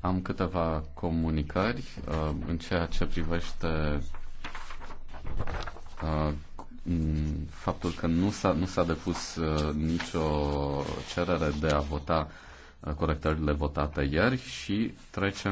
Am câteva comunicări uh, în ceea ce privește uh, faptul că nu s-a, nu s-a depus uh, nicio cerere de a vota uh, corectările votate ieri și trecem